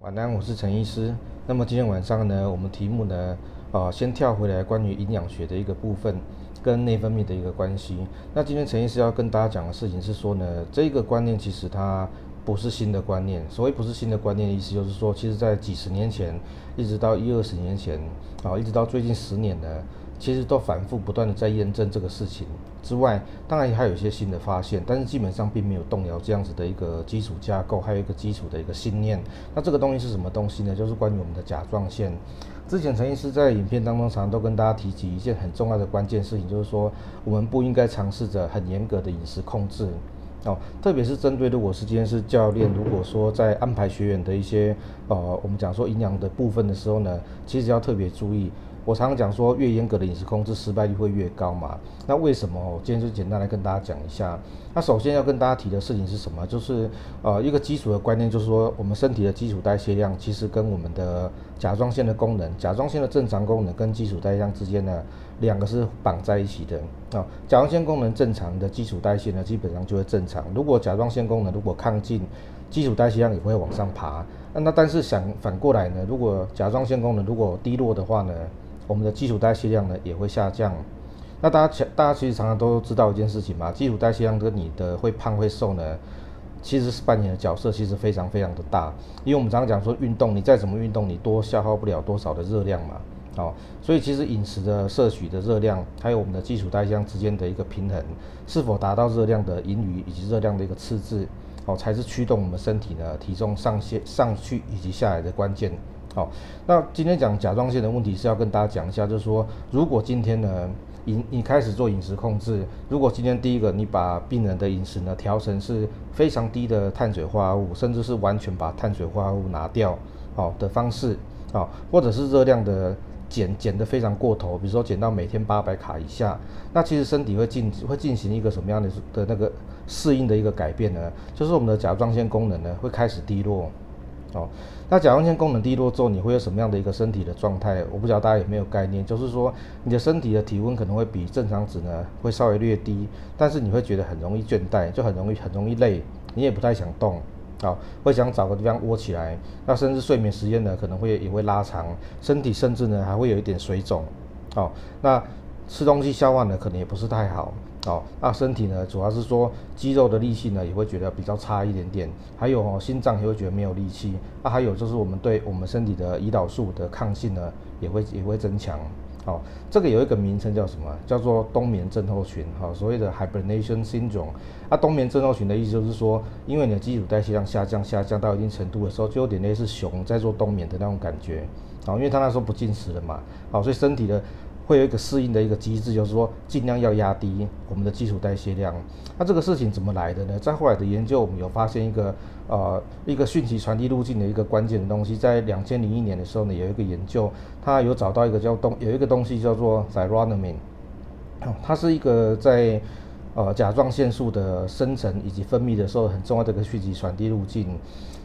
晚安，我是陳醫師。那麼今天晚上呢，我們題目呢，啊，先跳回來關於營養學的一個部分，跟內分泌的一個關係。那今天陳醫師要跟大家講的事情是說呢，這個觀念其實它不是新的觀念。所謂不是新的觀念的意思，就是說，其實在幾十年前，一直到一二十年前，啊，一直到最近十年呢。其實都反覆不斷的在驗證這個事情之外，當然還有一些新的發現，但是基本上並沒有動搖這樣子的一個基礎架構，還有一個基礎的一個信念。那這個東西是什麼東西呢？就是關於我們的甲狀腺。之前陳醫師在影片當中常常都跟大家提及一件很重要的關鍵事情，就是說我們不應該嘗試着很嚴格的飲食控制。哦，特別是針對如果是今天是教練，如果說在安排學員的一些呃，我們講說營養的部分的時候呢，其實要特別注意。我常常講說，越嚴格的飲食控制，失敗率會越高嘛？那為什麼？我今天就簡單來跟大家講一下。那首先要跟大家提的事情是什麼？就是呃，一個基礎的觀念，就是說我們身體的基礎代謝量，其實跟我們的甲狀腺的功能，甲狀腺的正常功能跟基礎代謝量之間呢，兩個是綁在一起的啊，呃。甲狀腺功能正常的基礎代謝呢，基本上就會正常。如果甲狀腺功能如果亢進，基礎代謝量也會往上爬。那那但是想反過來呢，如果甲狀腺功能如果低落的話呢？我們的基礎代謝量呢也會下降，那大家大家其實常常都知道一件事情嘛，基礎代謝量跟你的會胖會瘦呢，其實是扮演的角色其實非常非常的大，因為我們常常講說運動，你再怎麼運動，你多消耗不了多少的熱量嘛，哦，所以其實飲食的攝取的熱量，還有我們的基礎代謝量之間的一個平衡，是否達到熱量的盈餘以及熱量的一個赤字。哦，才是驅動我們身體呢體重上先上去以及下來的關鍵。好、哦，那今天講甲狀腺的問題是要跟大家講一下，就是說，如果今天呢你你開始做飲食控制，如果今天第一個你把病人的飲食呢調成是非常低的碳水化合物，甚至是完全把碳水化合物拿掉，好、哦、的方式，好、哦，或者是熱量的。減減得非常過頭，比如說減到每天八百卡以下，那其實身體會進會進行一個什麼樣的的那個適應的一個改變呢？就是我們的甲狀腺功能呢會開始低落，哦，那甲狀腺功能低落之後你會有什麼樣的一個身體的狀態？我不知道大家有沒有概念，就是說你的身體的體溫可能會比正常值呢會稍微略低，但是你會覺得很容易倦怠，就很容易很容易累，你也不太想動。好、哦，會想找個地方窩起來，那甚至睡眠時間呢，可能會也會拉長，身體甚至呢還會有一點水腫。好、哦，那吃東西消化呢，可能也不是太好。好、哦，那身體呢，主要是說肌肉的力氣呢，也會覺得比較差一點點，還有、哦、心臟也會覺得沒有力氣。啊，還有就是我們對我們身體的胰島素的抗性呢，也會也會增強。好、哦，這個有一個名稱叫什麼？叫做冬眠症候群，好、哦、所謂的 hibernation syndrome。啊，冬眠症候群的意思就是說，因為你的基礎代謝量下降，下降到一定程度的時候，就有點類似熊在做冬眠的那種感覺，好、哦、因為它那時候不進食了嘛，好、哦、所以身體的。會有一個適應的一個機制，就是說盡量要壓低我們的基礎代謝量。那這個事情怎麼來的呢？在後來的研究，我們有發現一個呃一個訊息傳遞路徑的一個關鍵的東西，在兩千零一年的時候呢，有一個研究，它有找到一個叫東有一個東西叫做 Thyronine，它是一個在呃甲狀腺素的生成以及分泌的時候很重要的一個訊息傳遞路徑。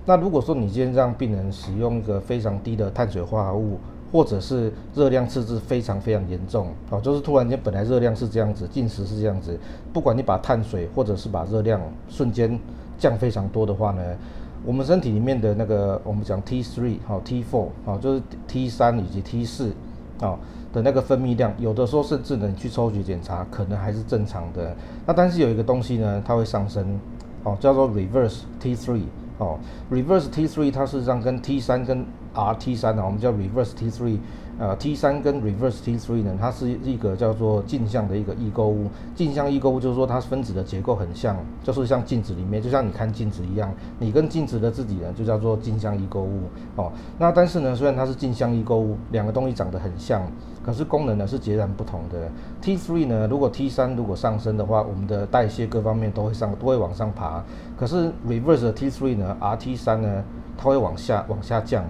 那如果說你今天讓病人使用一個非常低的碳水化合物，或者是熱量赤字非常非常嚴重哦，就是突然間本來熱量是這樣子，進食是這樣子，不管你把碳水或者是把熱量瞬間降非常多的話呢，我們身體裡面的那個我們講 T3 好、哦、T4 好、哦，就是 T3 以及 T4 好、哦、的那個分泌量，有的時候甚至能去抽血檢查，可能還是正常的。那但是有一個東西呢，它會上升，哦，叫做 Reverse T3 好、哦、Reverse T3，它實際上跟 T3 跟 R T 三呢，我們叫 Reverse T three，呃，T 三跟 Reverse T three 呢，它是一個叫做鏡像的一個異構物。鏡像異構物就是說，它分子的結構很像，就是像鏡子裡面，就像你看鏡子一樣，你跟鏡子的自己呢，就叫做鏡像異構物。哦，那但是呢，雖然它是鏡像異構物，兩個東西長得很像，可是功能呢是截然不同的。T three 呢，如果 T 三如果上升的話，我們的代謝各方面都會上，都會往上爬。可是 Reverse T three 呢，R T 三呢，它會往下，往下降。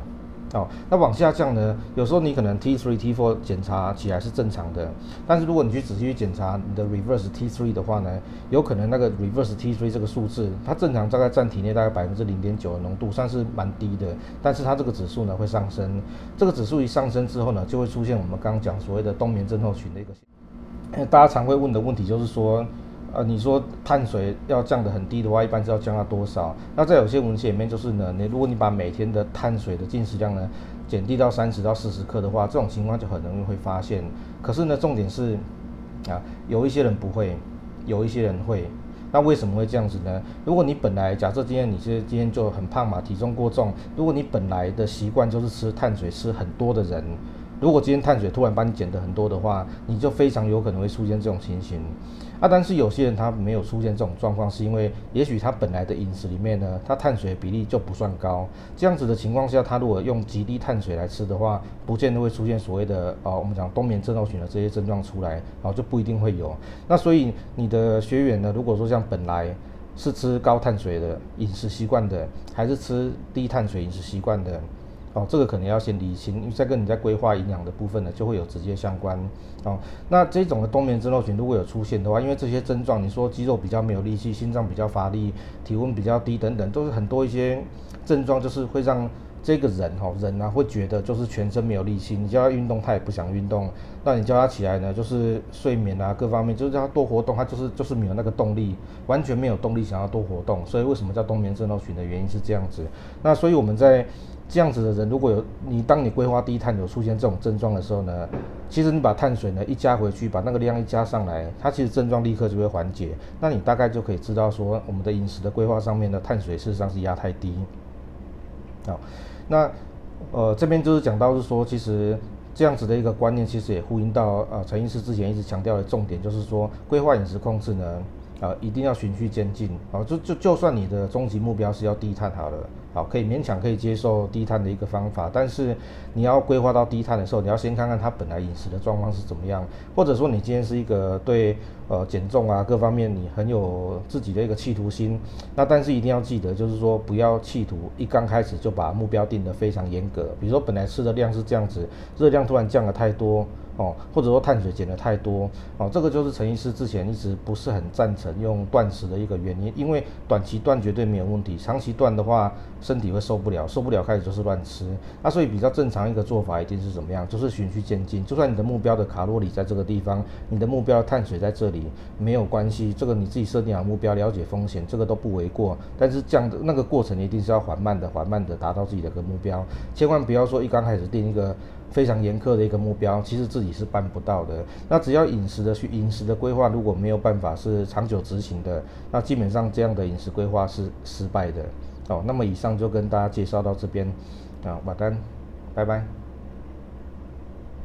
哦，那往下降呢？有時候你可能 T three T four 檢查起來是正常的，但是如果你去仔細去檢查你的 reverse T three 的話呢，有可能那個 reverse T three 這個數字，它正常大概佔體內大概百分之零點九的濃度，算是蠻低的，但是它這個指數呢會上升，這個指數一上升之後呢，就會出現我們剛剛講所謂的冬眠症候群的一個現象。大家常會問的問題就是說，呃，你說碳水要降得很低的話，一般是要降到多少？那在有些文獻裡面就是呢，你如果你把每天的碳水的進食量呢，減低到三十到四十克的話，這種情況就很容易會發現。可是呢，重點是啊，有一些人不會，有一些人會。那為什麼會這樣子呢？如果你本來假設今天你是今天就很胖嘛，體重過重，如果你本來的習慣就是吃碳水，吃很多的人。如果今天碳水突然幫你減得很多的話，你就非常有可能會出現這種情形啊。但是有些人他沒有出現這種狀況，是因為也許他本來的飲食裡面呢，他碳水比例就不算高。這樣子的情況下，他如果用極低碳水來吃的話，不見得會出現所謂的哦，我們講冬眠症候群的這些症狀出來，然後就不一定會有。那所以你的學員呢，如果說像本來是吃高碳水的飲食習慣的，還是吃低碳水飲食習慣的？哦，這個可能要先理清，再跟你在規劃營養的部分呢，就會有直接相關。哦，那這種的冬眠症候群如果有出現的話，因為這些症狀，你說肌肉比較沒有力氣，心臟比較乏力，體溫比較低等等，都是很多一些症狀，就是會讓。這個人哈、哦、人呢、啊、會覺得就是全身沒有力氣，你叫他運動他也不想運動。那你叫他起來呢，就是睡眠啊各方面，就是叫他多活動，他就是就是沒有那個動力，完全沒有動力想要多活動。所以為什麼叫冬眠症候群的原因是這樣子。那所以我們在這樣子的人如果有你當你規劃低碳有出現這種症狀的時候呢，其實你把碳水呢一加回去，把那個量一加上來，它其實症狀立刻就會緩解。那你大概就可以知道說我們的飲食的規劃上面的碳水事實上是壓太低，好。那，呃，這邊就是講到是說，其實這樣子的一個觀念，其實也呼應到啊，陳醫師之前一直強調的重點，就是說規劃飲食控制呢。啊、呃，一定要循序漸進啊！就就就算你的終極目標是要低碳好了，好，可以勉強可以接受低碳的一個方法，但是你要規劃到低碳的時候，你要先看看他本來飲食的狀況是怎麼樣，或者說你今天是一個對呃減重啊，各方面你很有自己的一個企圖心，那但是一定要記得就是說，不要企圖一剛開始就把目標定得非常嚴格，比如說本來吃的量是這樣子，熱量突然降了太多。哦，或者說碳水減得太多，哦，這個就是陳醫師之前一直不是很贊成用斷食的一個原因，因為短期斷絕對沒有問題，長期斷的話身體會受不了，受不了開始就是亂吃，那、啊、所以比較正常一個做法一定是怎麼樣，就是循序漸進，就算你的目標的卡路里在這個地方，你的目標的碳水在這裡沒有關係，這個你自己設定好的目標，了解風險，這個都不為過，但是這樣的那個過程一定是要緩慢的，緩慢的達到自己的一個目標，千萬不要說一剛開始定一個。非常嚴苛的一個目標，其實自己是辦不到的。那只要飲食的去飲食的規劃，如果沒有辦法是長久執行的，那基本上這樣的飲食規劃是失敗的。好、哦，那麼以上就跟大家介紹到這邊啊，馬、哦、丹，拜拜。